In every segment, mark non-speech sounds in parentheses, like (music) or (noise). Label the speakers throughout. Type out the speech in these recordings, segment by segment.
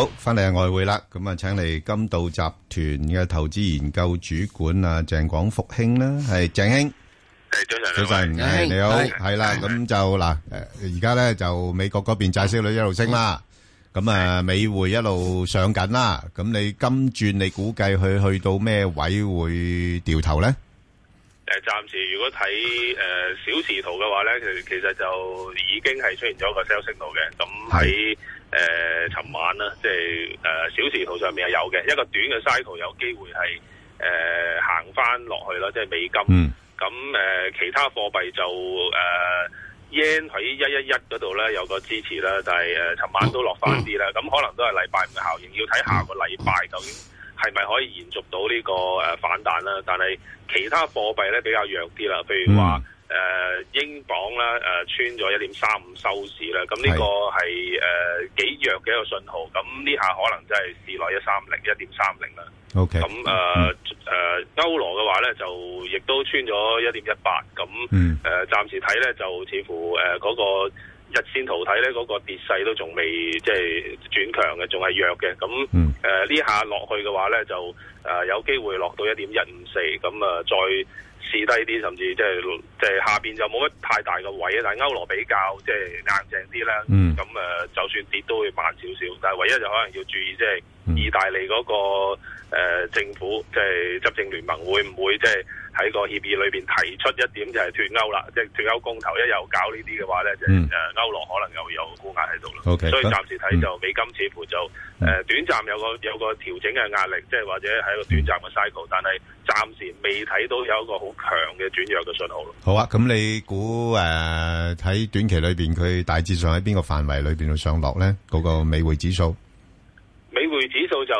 Speaker 1: 好，翻嚟係外匯啦，咁啊，請嚟金道集團嘅投資研究主管啊，鄭廣復兄啦，係鄭兄，係早晨，早晨，你好，係啦，咁就嗱，而家咧就美國嗰邊債息率一路升啦，咁啊美匯一路上緊啦，咁你今轉你估計去去到咩位會掉頭咧？
Speaker 2: 誒，暫時如果睇誒小時圖嘅話咧，其實其實就已經係出現咗個 sell signal 嘅，咁喺。誒，尋、呃、晚啦，即係誒小時圖上面係有嘅，一個短嘅 cycle 有機會係誒行翻落去啦，即、就、係、是、美金。咁誒、嗯呃，其他貨幣就誒 yen 喺一一一嗰度咧有個支持啦，但係誒尋晚都落翻啲啦。咁、嗯、可能都係禮拜五嘅效應，要睇下個禮拜究竟係咪可以延續到呢個誒反彈啦。但係其他貨幣咧比較弱啲啦，譬如話。嗯誒、uh，英鎊咧誒穿咗一點三五收市啦，咁呢個係誒幾弱嘅一個信號。咁呢下可能真係市耐一三五零、一點三零啦。OK，咁誒誒歐羅嘅話咧，就亦都穿咗一點一八。咁誒、嗯呃、暫時睇咧，就似乎誒嗰、呃那個日線圖睇咧，嗰、那個跌勢都仲未即係轉強嘅，仲係弱嘅。咁誒、嗯呃、呢下落去嘅話咧，就誒、呃、有機會落到一點一五四。咁啊再。再試低啲，甚至即係即係下邊就冇乜太大嘅位啊，但係歐羅比較即係硬淨啲啦。嗯，咁誒，就算跌都會慢少少，但係唯一就可能要注意即係意大利嗰、那個誒、呃、政府即係執政聯盟會唔會即係？喺個協議裏邊提出一點就係脫歐啦，即係脫歐公投一又搞呢啲嘅話咧，就誒、嗯、歐羅可能又有沽壓喺度啦。Okay, 所以暫時睇就美金似乎就誒短暫有個有個調整嘅壓力，即係或者係一個短暫嘅 cycle，嗯、但係暫時未睇到有一個好強嘅轉弱嘅信號
Speaker 1: 咯。好啊，咁你估誒喺短期裏邊佢大致上喺邊個範圍裏邊上落咧？嗰、那個美匯指數？
Speaker 2: 到就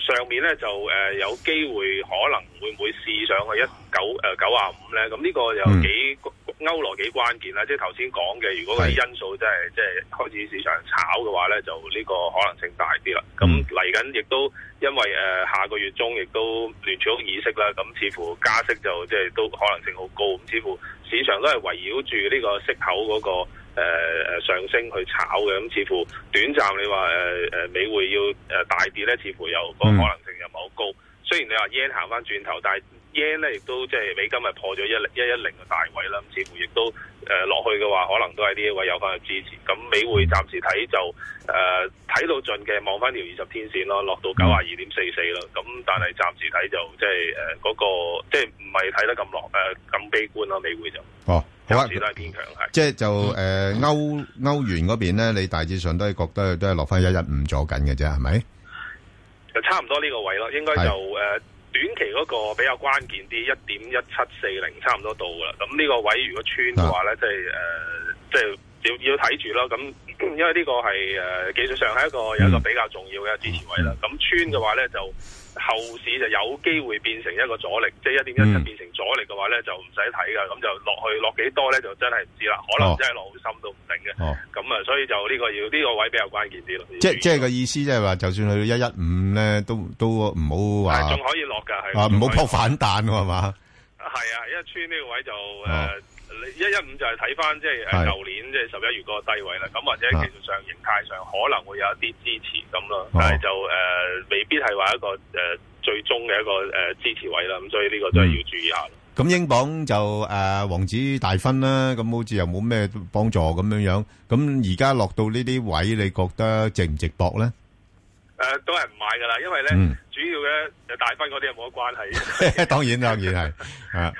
Speaker 2: 上面咧就誒、呃、有機會可能會唔會試上去一九誒九啊五咧？咁、呃、呢個又幾歐羅幾關鍵啦！即係頭先講嘅，如果啲因素真、就、係、是、即係開始市場炒嘅話咧，就呢個可能性大啲啦。咁嚟緊亦都因為誒、呃、下個月中亦都聯儲局議息啦，咁似乎加息就即係都可能性好高。咁似乎市場都係圍繞住呢個息口嗰、那個。誒誒上升去炒嘅，咁似乎短暫，你話誒誒美匯要誒大跌咧，似乎有個可能性又唔係好高。雖然你話 yen 行翻轉頭，但係 yen 咧亦都即係美金係破咗一零一一零嘅大位啦。咁似乎亦都誒落去嘅話，可能都係呢一位有翻嘅支持。咁美匯暫時睇就誒睇到盡嘅，望翻條二十天線咯，落到九啊二點四四咯。咁但係暫時睇就即係誒嗰個即係唔係睇得咁落誒咁悲觀咯，美匯就哦。好啊，都係變強係，即係就
Speaker 1: 誒歐歐元嗰邊咧，你大致上都係覺得都係落翻一一五坐緊嘅啫，係咪？
Speaker 2: 就差唔多呢個位咯，應該就誒是、呃、短期嗰個比較關鍵啲一點一七四零，差唔多到噶啦。咁呢個位如果穿嘅話咧，即係誒即。即係呃即係要要睇住咯，咁因為呢個係誒技術上係一個有一個比較重要嘅支持位啦。咁穿嘅話咧，就後市就有機會變成一個阻力，即係一點一七變成阻力嘅話咧，就唔使睇噶，咁就落去落幾多咧，就真係唔知啦，可能真係落好深都唔定嘅。咁啊，所以就呢個要呢個位比較關鍵啲咯。即即係
Speaker 1: 個意思，即係話就算去到一一五咧，都都唔好話仲可以落噶，係啊，唔好撲反彈係嘛。
Speaker 2: 係啊，因為一穿呢個位就誒。一一五就係睇翻即係舊年即係十一月嗰個低位啦，咁或者技術上形態上可能會有一啲支持咁咯，但係就誒未必係話一個誒最終嘅一個誒支持位啦，咁所以呢個都係要注意下。
Speaker 1: 咁英鎊就誒王子大婚啦，咁好似又冇咩幫助咁樣樣，咁而家落到呢啲位，你覺得值唔值搏咧？誒，
Speaker 2: 都係唔買噶啦，因為咧主要咧就大婚嗰啲又冇乜關係。當
Speaker 1: 然當然係啊。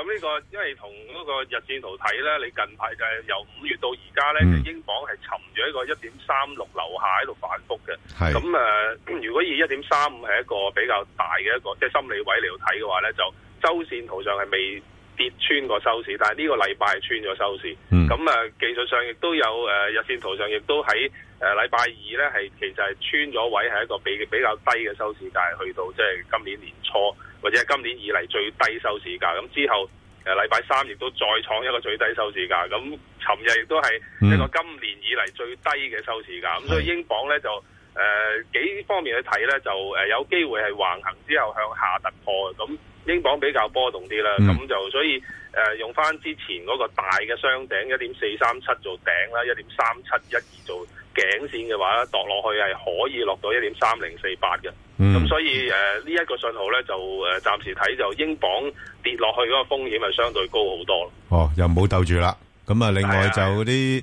Speaker 2: 咁呢、這個因為同嗰個日線圖睇呢，你近排就係由五月到而家呢，嗯、英鎊係沉住一個一點三六樓下喺度反覆嘅。咁誒是，如果以一點三五係一個比較大嘅一個即係、就是、心理位嚟到睇嘅話呢，就周線圖上係未跌穿過收市，但係呢個禮拜穿咗收市。咁誒、嗯、技術上亦都有誒、呃、日線圖上亦都喺誒禮拜二呢，係其實係穿咗位係一個比比較低嘅收市，但係去到即係今年年初。或者係今年以嚟最低收市價，咁之後誒禮拜三亦都再創一個最低收市價，咁、嗯、尋日亦都係一個今年以嚟最低嘅收市價，咁、嗯、所以英鎊咧就誒、呃、幾方面去睇咧，就誒、呃、有機會係橫行之後向下突破咁。嗯英鎊比較波動啲啦，咁、嗯、就所以誒、呃、用翻之前嗰個大嘅雙頂一點四三七做頂啦，一點三七一二做頸線嘅話咧，落落去係可以落到一點三零四八嘅。咁、嗯、所以誒呢一個信號咧就誒暫、呃、時睇就英鎊跌落去嗰個風險係相對高好多。
Speaker 1: 哦，又唔好鬥住啦。咁啊，另外就嗰啲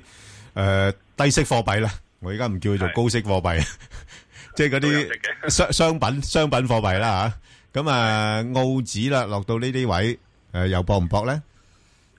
Speaker 1: 誒低息貨幣咧，我而家唔叫佢做高息貨幣。即係嗰啲商商品， (laughs) 商、品商品貨幣啦嚇，咁啊澳紙啦落到呢啲位，誒、呃、又搏唔搏咧？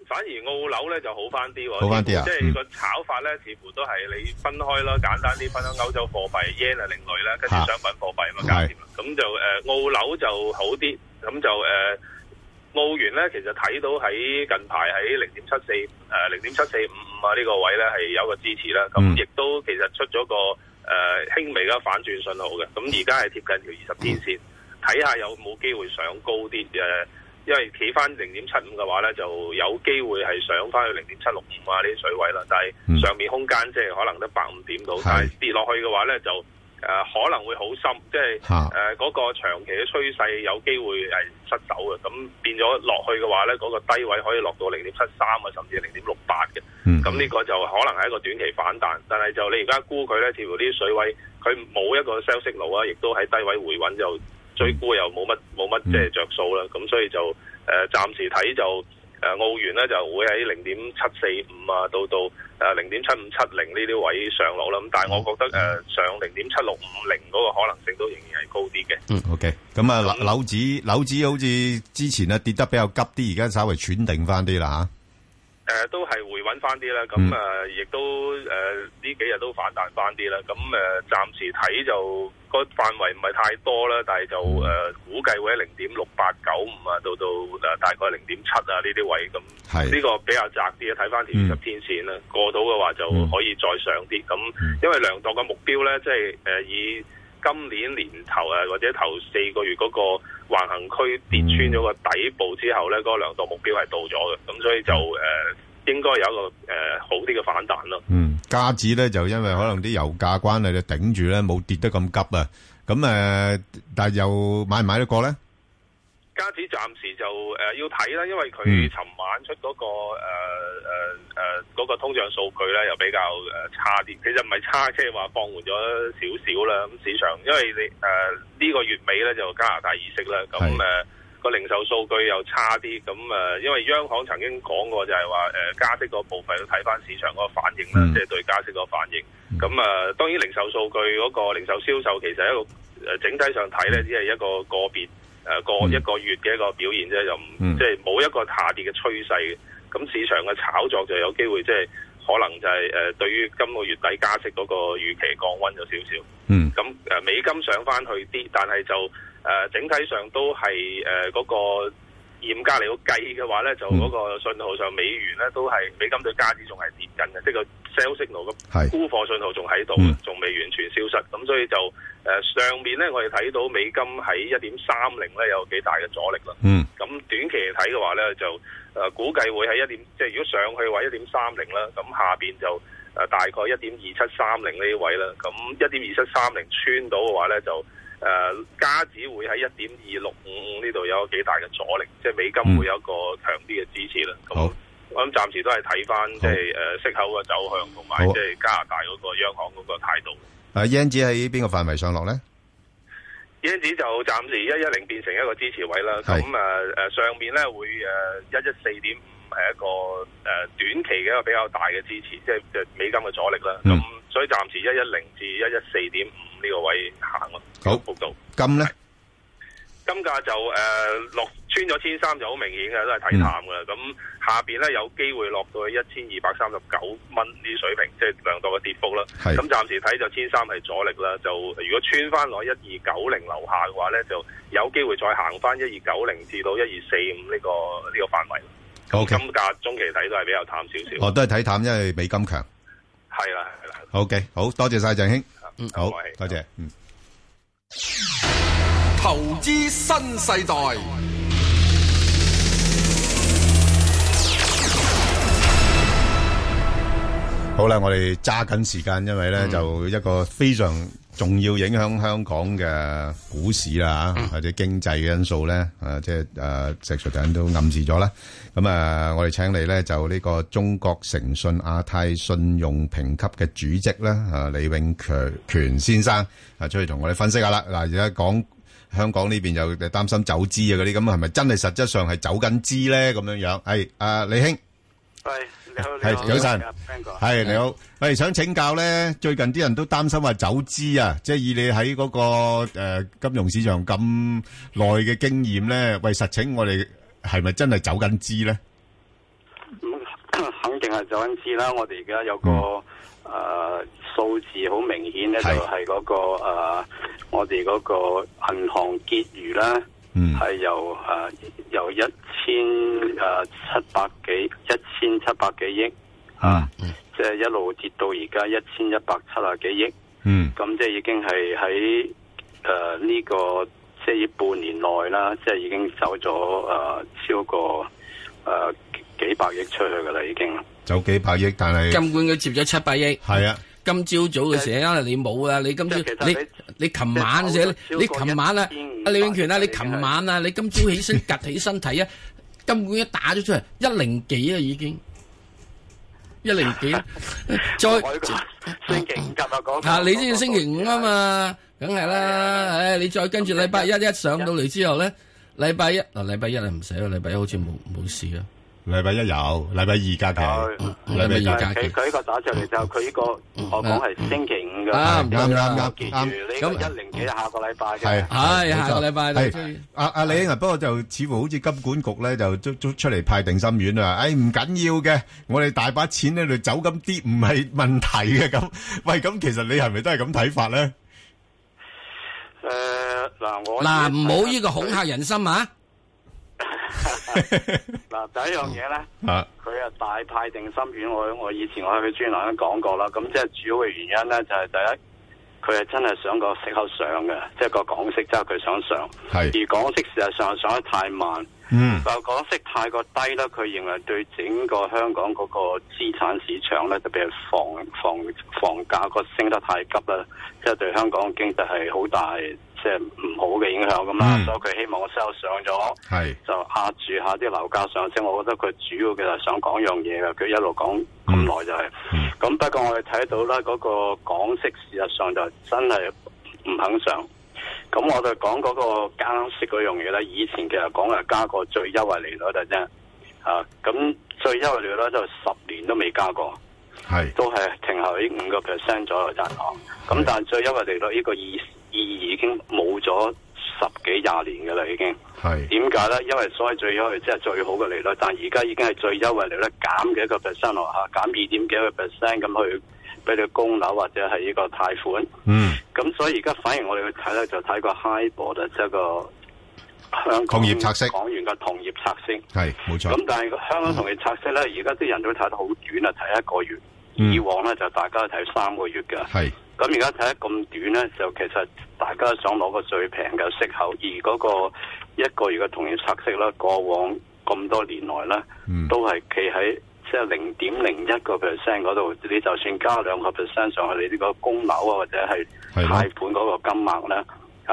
Speaker 2: 反而澳紐咧就好翻啲喎，好啊、即係個炒法咧似乎都係你分開咯，簡單啲分開歐洲貨幣 yen 啊另類啦，跟住商品貨幣咁就誒澳紐就好啲，咁就誒、呃、澳元咧其實睇到喺近排喺零點七四誒零點七四五五啊呢個位咧係有一個支持啦，咁亦都其實出咗個。誒、uh, 輕微嘅反轉信號嘅，咁而家係貼近條二十天線，睇下、嗯、有冇機會上高啲誒，因為企翻零點七五嘅話咧，就有機會係上翻去零點七六五啊呢啲水位啦，但係上面空間即係可能得百五點度，嗯、但係跌落去嘅話咧就。誒、呃、可能會好深，即係誒嗰個長期嘅趨勢有機會係失手嘅，咁變咗落去嘅話咧，嗰、那個低位可以落到零點七三啊，甚至零點六八嘅。咁呢、嗯、個就可能係一個短期反彈，但係就你而家估佢咧，似乎啲水位佢冇一個消息路啊，亦都喺低位回穩就追沽又冇乜冇乜即係着數啦。咁、嗯、所以就誒、呃、暫時睇就。誒、呃、澳元咧就會喺零點七四五啊到到誒零點七五七零呢啲位上落啦，咁但係我覺得誒、呃、上零點七六五零嗰個可能性都仍然係高啲嘅。
Speaker 3: 嗯
Speaker 1: ，OK，咁啊樓指樓指好似之前咧跌得比較急啲，而家稍微喘定翻啲啦嚇。啊
Speaker 2: 誒、呃、都係回穩翻啲啦，咁誒亦都誒呢、呃、幾日都反彈翻啲啦，咁誒暫時睇就、那個範圍唔係太多啦，但係就誒、呃、估計會喺零點六八九五啊，到到誒、呃、大概零點七啊呢啲位咁，呢、嗯嗯、個比較窄啲啊，睇翻條十天線啦，嗯、過到嘅話就可以再上啲，咁、嗯嗯嗯、因為量度嘅目標咧，即係誒、呃、以。今年年頭啊，或者頭四個月嗰個橫行區跌穿咗個底部之後呢，嗰個量度目標係到咗嘅，咁所以就誒、呃、應該有一個誒、呃、好啲嘅反彈咯。嗯，
Speaker 1: 加指呢，就因為可能啲油價關係就頂住呢，冇跌得咁急啊。咁誒、呃，但係又買唔買得過呢？
Speaker 2: 加息暫時就誒、呃、要睇啦，因為佢尋晚出嗰、那個誒誒誒通脹數據咧，又比較誒、呃、差啲。其實唔係差，即係話放緩咗少少啦。咁、嗯、市場因為你誒呢個月尾咧就加拿大議息啦，咁誒個零售數據又差啲。咁、嗯、誒因為央行曾經講過就係話誒加息個部分要睇返市場嗰個反應啦，即係、嗯、對加息個反應。咁、嗯、啊、嗯、當然零售數據嗰、那個零售銷售其實一個誒整體上睇咧，只係一個個別。誒過一個月嘅一個表現啫，又唔即係冇一個下跌嘅趨勢嘅，咁市場嘅炒作就有機會即係可能就係、是、誒、呃、對於今個月底加息嗰個預期降溫咗少少。嗯，咁 (noise) 誒、呃、美金上返去啲，但係就誒、呃、整體上都係誒嗰個嚴格嚟到計嘅話咧，就嗰個信號上美元咧都係美金對加元仲係跌緊嘅，即係 sell signal 沽貨信號仲喺度，仲、嗯、未完全消失。咁所以就誒、呃、上面咧，我哋睇到美金喺一點三零咧有幾大嘅阻力啦。咁、嗯、短期嚟睇嘅話咧，就誒、呃、估計會喺一點，即係如果上去話一點三零啦。咁下邊就誒大概一點二七三零呢位啦。咁一點二七三零穿到嘅話咧，就誒加指會喺一點二六五五呢度有幾大嘅阻力，即係美金會有一個強啲嘅支持啦。咁、嗯。麼我諗暫時都係睇返即係誒，息口嘅走向同埋即係加拿大嗰個央行嗰個態度。
Speaker 1: 誒，E N 喺邊個範圍上落咧？
Speaker 2: 英 N 就暫時一一零變成一個支持位啦。咁誒誒，上面咧會誒一一四點五係一個誒、啊、短期嘅一個比較大嘅支持，即係即係美金嘅阻力啦。咁、嗯、所以暫時一一零至一一四點五呢個位行咯。好，報道度金咧。金價就誒落穿咗千三，就好明顯嘅，都係睇淡嘅。咁下邊咧有機會落到去一千二百三十九蚊呢水平，即係量度嘅跌幅啦。咁暫時睇就千三係阻力啦。就如果穿翻落一二九零樓下嘅話咧，就有機會再行翻一二九零至到一二四五呢個呢個範圍。
Speaker 1: 金價
Speaker 2: 中期睇都係比較淡少少。哦，都係睇
Speaker 1: 淡，因為美金強。係
Speaker 2: 啦 Yeah. Spaß. Games.，係啦。好
Speaker 1: 嘅，好多謝晒鄭兄。嗯，好多謝。嗯。
Speaker 2: 投資新世代。
Speaker 1: 好啦，我哋揸緊時間，因為咧、嗯、就一個非常重要影響香港嘅股市啦、啊、或者經濟嘅因素咧，誒、啊、即係誒、啊、石卓等都暗示咗啦。咁啊，我哋請嚟咧就呢個中國誠信亞太信用評級嘅主席咧啊李永權先生啊，出去同我哋分析下啦。嗱而家講。香港呢邊又擔心走資啊，嗰啲咁係咪真係實質上係走緊資咧？咁樣樣，係啊，李兄，係你好，係早晨，係你好，係想請教咧，最近啲人都擔心話走資啊，即係以你喺嗰個誒金融市場咁耐嘅經驗咧，喂，實情我哋係咪真係走緊資咧？
Speaker 3: 咁肯定係走緊資啦，我哋而家有個誒。數字好明顯咧，那個，就係嗰個我哋嗰個銀行結餘啦，係、嗯、由誒、呃、由一千誒七百幾一千七百幾億，啊，即係一路跌到而家一千一百七十幾億，嗯，咁即係已經係喺誒呢個即係、就是、半年內啦，即、就、係、是、已經走咗誒、呃、超過誒、呃、幾百億出去噶啦，已經
Speaker 4: 走幾百億，但係根本佢接咗七百億，係啊。今朝早嘅寫啊，你冇啊！你今朝你你琴晚寫你琴晚啊，阿李永權啊，你琴晚啊，你今朝起身趌起身睇啊，根本一打咗出嚟一零幾啊，已經一零幾，再啊你先至星期五啊嘛，梗係啦，唉你再跟住禮拜一一上到嚟之後咧，禮拜一啊禮拜一你唔寫啊，禮拜一好似冇冇事啊。禮拜一有，禮拜二隔日，禮拜二隔日。佢佢呢
Speaker 3: 個打出來就佢呢個我
Speaker 1: 講係星期五嘅。啱啱，啱啱。
Speaker 4: 咁
Speaker 3: 一零
Speaker 1: 幾下個禮拜嘅。係下個禮拜。阿阿李英啊，不過就似乎好似金管局咧，就都都出嚟派定心丸啊。哎，唔緊要嘅，我哋大把錢喺度走咁啲唔係問題嘅咁。喂，咁其實你係咪都係咁睇法咧？
Speaker 3: 誒，嗱我嗱唔好呢
Speaker 4: 個恐嚇人心啊！
Speaker 3: 嗱 (laughs) 第一樣嘢咧，佢啊大派定心丸。我我以前我喺佢專欄都講過啦。咁即係主要嘅原因咧，就係第一，佢係真係想個息口上嘅，即係個港息，即係佢想上。係，而港息事實上上，上得太慢，嗯，又港息太過低咧，佢認為對整個香港嗰個資產市場咧，特別係房房房價個升得太急啦，即係對香港經濟係好大。即係唔好嘅影響咁啦，所以佢希望 sell 上咗，就壓住下啲樓價上。即我覺得佢主要嘅係想講樣嘢嘅，佢一路講咁耐就係、是。咁、嗯嗯、不過我哋睇到啦，嗰、那個港息事實上就真係唔肯上。咁我哋講嗰個加息嗰樣嘢咧，以前其實講係加過最優惠利率嘅啫。啊，咁最優惠利率就十年都未加過，係是都係停留喺五個 percent 左右震盪。咁是但係最優惠利率呢個意思？意義已經冇咗十幾廿年㗎啦，已經係點解咧？因為所謂最優即係、就是、最好嘅利率，但係而家已經係最優惠利率減嘅一個 percent 落吓，減二點幾個 percent 咁去俾你供樓或者係呢個貸款。嗯，咁所以而家反而我哋去睇咧，就睇個 HIBOR 即係個香港同業拆息。港元嘅同業拆息係冇錯。咁但係香港同業拆息咧，而家啲人都睇得好短啊，睇一個月。嗯、以往咧就大家睇三個月嘅係。咁而家睇得咁短咧，就其實大家想攞個最平嘅息口，而嗰個一個月嘅同業拆息啦，過往咁多年來咧，都係企喺即係零點零一個 percent 嗰度。你就算加兩個 percent 上去，你呢個供樓啊或者係貸款嗰個金額咧。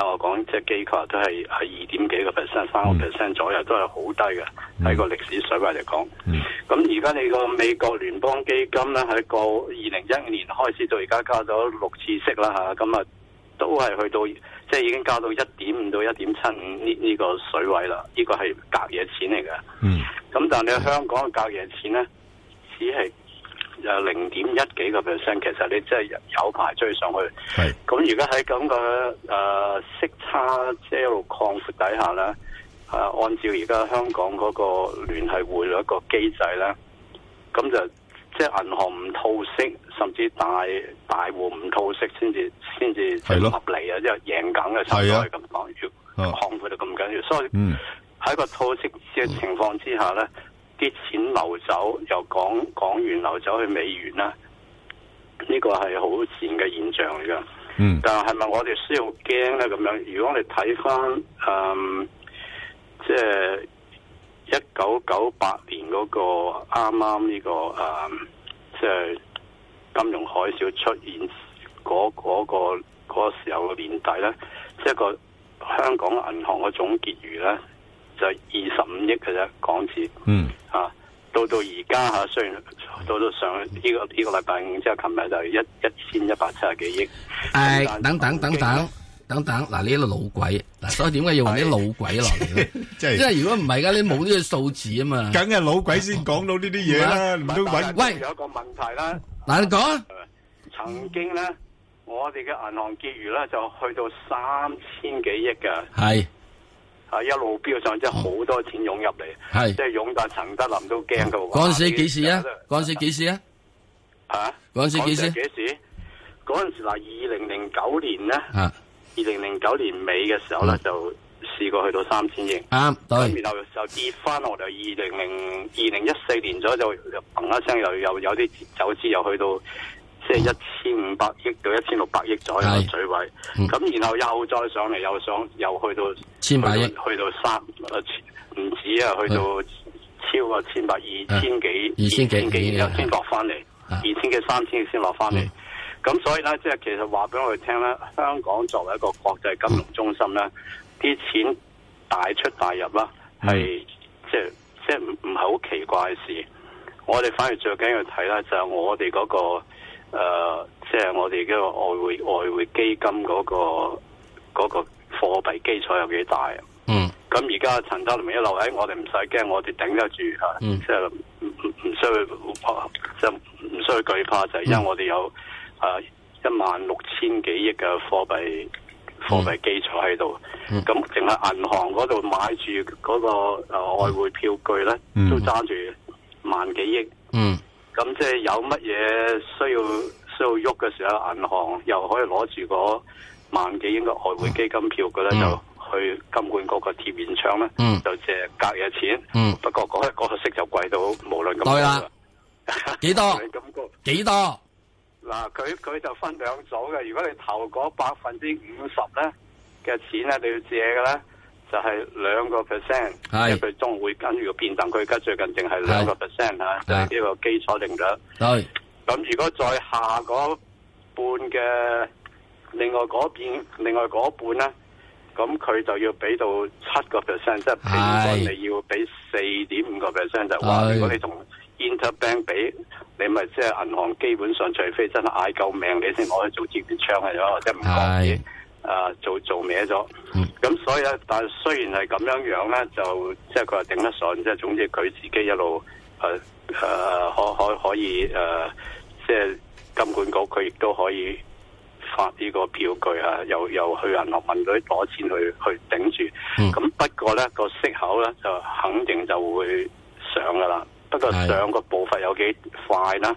Speaker 3: 我講即係機構都係係二點幾個 percent、三個 percent 左右都，都係好低嘅，喺個歷史水位嚟講。咁而家你個美國聯邦基金咧，喺個二零一五年開始到而家加咗六次息啦嚇，咁啊、嗯嗯、都係去到即係已經加到一點五到一點七五呢呢個水位啦，呢、這個係隔夜錢嚟嘅。咁、嗯、但係你香港嘅隔夜錢咧，只係。誒，零點一幾個 percent，其實你真係有排追上去。係咁是，而家喺咁個誒，息差一路擴闊底下咧，誒、呃，按照而家香港嗰個聯繫匯率一個機制咧，咁就即係銀行唔套息，甚至大大戶唔套息，先至先至係咯合理啊，即係贏緊嘅差可以咁講，要擴闊到咁緊要，所以嗯喺個套息嘅情況之下咧。嗯嗯啲錢流走，由港港元流走去美元啦，呢個係好賤嘅現象嚟㗎。嗯，但係咪我哋需要驚咧？咁樣，如果你睇翻，嗯，即係一九九八年嗰個啱啱呢個，誒、嗯，即係金融海嘯出現嗰嗰個時候嘅年代咧，即係個香港銀行嘅總結餘咧。就二十五億嘅，啫港紙，嗯，吓，到到而家吓，雖然到到上呢個呢個禮拜五之後，琴日就一一千一百
Speaker 4: 七十幾億，誒，等等等等等等，嗱呢個老鬼，嗱所以點解要揾啲老鬼落嚟咧？即係，因為如果唔係嘅，你冇呢個數字啊嘛，梗係老鬼先講到呢啲嘢啦，唔都搵，喂，
Speaker 3: 有一個問題啦，
Speaker 4: 嗱你講啊，
Speaker 3: 曾經咧，我哋嘅銀行結餘咧就去到三千幾億㗎，係。一路飆上，即係好多錢湧入嚟，是即係湧到陳德林都驚噶喎。嗰陣時幾時啊？嗰陣時幾
Speaker 4: 時啊？嚇、啊！嗰陣、啊、時
Speaker 3: 幾時？嗰陣、啊、時嗱，二零零九年咧，二零零九年尾嘅時候咧，就試過去到三千億。啱吧然跟住後又跌翻落嚟，二零零二零一四年左右就就砰一聲，又又有啲走資又去到。即係一千五百億到一千六百億左右嘅水位，咁的然後又再上嚟，又上又去到千百億，去到三唔止啊，去到超過千百億、千幾的、二千幾，然後先落翻嚟，二千幾、三千幾先落翻嚟。咁所以呢，即係其實話俾我哋聽咧，香港作為一個國際金融中心呢，啲錢大出大入啦，係的即係即係唔唔係好奇怪嘅事。我哋反而最緊要睇呢，就係、是、我哋嗰個。嘅外匯外匯基金嗰個嗰個貨幣基礎有幾大啊？嗯，咁而家陳德霖一路喺我哋唔使驚，我哋頂得住啊！即係唔唔唔需要，即係唔需要害怕，就係因為我哋有啊一萬六千幾億嘅貨幣貨幣基礎喺度。咁淨係銀行嗰度買住嗰個外匯票據咧，嗯、都揸住萬幾億，嗯。嗯，咁即係有乜嘢需要？需要喐嘅時候，銀行又可以攞住嗰萬幾億個外匯基金票嘅咧，嗯、就去金管局個貼現窗咧，嗯、就借隔夜錢。嗯、不過嗰一嗰個息就貴到無論
Speaker 4: 幾多， (laughs) 那個、幾多
Speaker 3: 嗱，佢佢就分兩組嘅。如果你投嗰百分之五十咧嘅錢咧，你要借嘅咧，就係兩個 percent。係佢是中會跟住要變等，佢而家最近淨係兩個 percent 吓，係呢個基礎定咗。是是對。對對咁如果再下嗰半嘅，另外嗰邊，另外嗰半咧，咁佢就要俾到七個 percent，即係平均你要俾四點五個 percent 就話，如果你同 interbank 比，你咪即係銀行基本上，除非真係嗌救命，你先可以做貼現窗係咯，即係唔講嘢做做歪咗。咁所以咧，但係雖然係咁樣樣咧，就即係佢話頂得順，即係總之佢自己一路。誒誒、啊啊啊啊，可可可以誒，即係金管局佢亦都可以發呢個票據啊，又又去銀行問佢攞錢去去頂住。咁、嗯、不過咧、呢個息口咧就肯定就會上噶啦。不過上個步伐有幾快啦，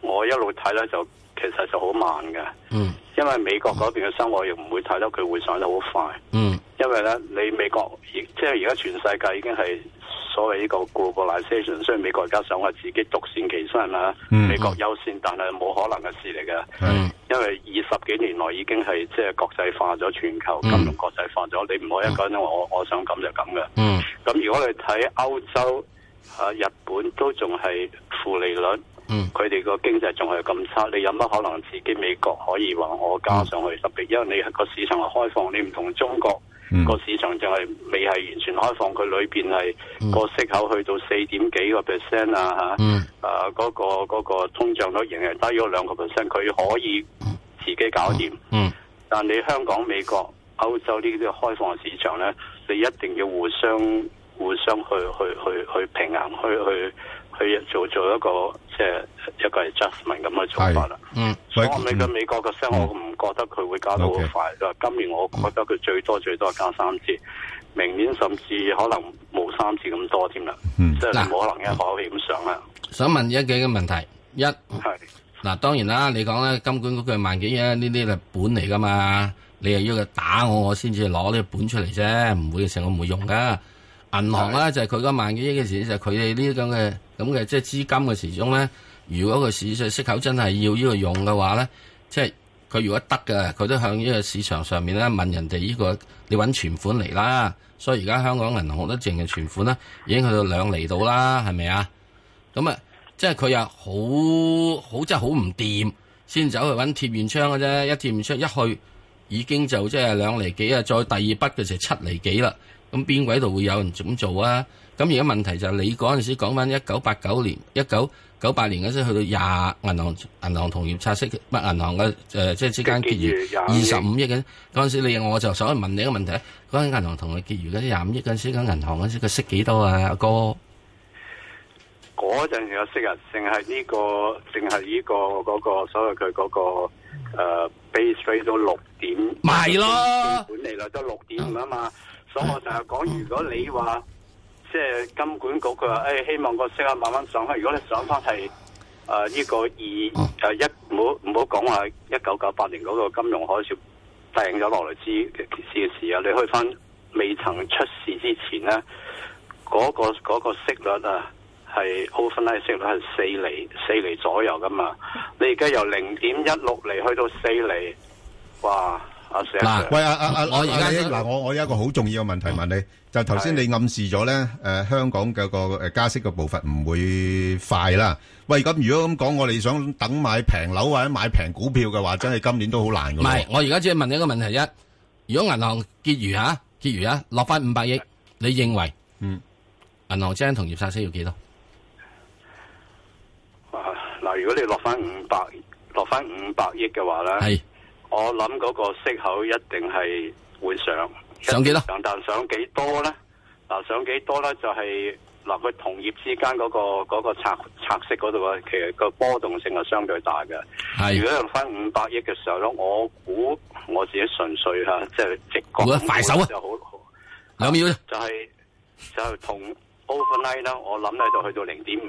Speaker 3: 我一路睇咧就其實就好慢嘅。嗯。因為美國嗰邊嘅生活又唔會太多，佢會上得好快。嗯，因為咧你美國，即係而家全世界已經係所謂呢個 globalization，所以美國而家想話自己獨善其身啦，嗯、美國優先，但係冇可能嘅事嚟嘅。嗯，因為二十幾年來已經係即係國際化咗，全球金融國際化咗，你唔可以講，我我想咁就咁嘅。嗯，咁、嗯、如果我哋睇歐洲啊、呃、日本都仲係負利率。嗯，佢哋個經濟仲係咁差，你有乜可能自己美國可以話我加上去特別？嗯、因為你個市場嘅開放，你唔同中國、嗯、個市場就係、是、未係完全開放，佢裏邊係、嗯、個息口去到四點幾個 percent 啊，吓，嗯、啊嗰、嗰個、嗰個通脹率仍然低咗兩個 percent，佢可以自己搞掂、嗯。嗯，嗯但你香港、美國、歐洲呢啲開放市場呢，你一定要互相互相去去去去平衡去去。去去去去去佢做做一個即係一個 adjustment 咁嘅做法啦。嗯，所以美嘅美國嘅息，我唔覺得佢會加到好快。嗯、今年我覺得佢最多最多加三次，明年甚至可能冇三次咁多添啦。嗯、即係你冇可能一口氣咁
Speaker 4: 上啦、嗯。想問一幾個問題一，嗱是當然啦，你講咧金管局嘅萬幾億呢啲係本嚟㗎嘛，你又要佢打我，我先至攞呢個本出嚟啫，唔會成日我唔會用㗎。銀行咧就係佢嘅萬幾億嘅錢，就係佢哋呢種嘅。咁嘅即係資金嘅時鐘咧，如果個市嘅息口真係要呢個用嘅話咧，即係佢如果得嘅，佢都向呢個市場上面咧問人哋呢個你揾存款嚟啦。所以而家香港銀行都淨係存款啦，已經去到兩厘到啦，係咪啊？咁啊，即係佢又好好真係好唔掂，先走去揾貼現窗嘅啫。一貼現窗一去，已經就即係兩厘幾啊！再第二筆嘅就七厘幾啦。咁邊位度會有人咁做啊？咁而家問題就係你嗰陣時講緊一九八九年、一九九八年嗰陣去到廿銀行銀行同業拆息乜銀行嘅誒、呃、即係之間結餘二十五億嗰陣時你，你我就想去問你一個問題：嗰陣銀行同佢結餘嗰啲廿五億嗰陣時，間銀行嗰陣時佢息幾多啊？阿哥，嗰陣時嘅息啊，淨係呢
Speaker 3: 個淨係呢個嗰、那個、所謂佢嗰、那個誒、呃、base rate 都六點，咪咯了，本嚟嚟都六點噶嘛， (laughs) 所以我成日講，如果你話。 (laughs) 即係金管局佢話，誒、哎，希望個息啊慢慢上翻。如果你上翻係誒呢個二誒一，唔好唔好講話一九九八年嗰個金融海嘯掟咗落嚟之嘅事啊，你去翻未曾出事之前咧，嗰、嗰個、嗰個息率啊，係 open 嘅息率係四厘四厘左右噶嘛。你而家由零點一六厘去到四厘，哇！嗱，喂，阿阿阿
Speaker 1: 我而家，嗱，我我有一個好重要嘅問題問你，就頭先你暗示咗咧，誒，香港嘅個誒加息嘅步伐唔會快啦。喂，咁如果咁講，我哋想等買平樓或者買平股
Speaker 4: 票嘅話，真係今年都好難㗎。唔係，我而家只係問你一個問題一，如果銀行結餘吓，結餘啊落翻五百億，你認為嗯，銀行之間同業拆息要幾多？啊，嗱，如果
Speaker 3: 你落翻五百落翻五百億嘅話咧，係。我諗嗰個息口一定係會上上幾多，上多，上多，但上幾多咧？嗱、啊，上幾多咧就係嗱，佢同業之間、嗰個、嗰個拆拆息度啊，其實個波動性係相對大嘅。係的如果用翻五百億嘅時候咧，我估我自己純粹吓，即、就、係、是、直覺，我的快手啊，啊就好、是，兩秒咧就係就係同 overnight 咧，我諗咧就去到零點五。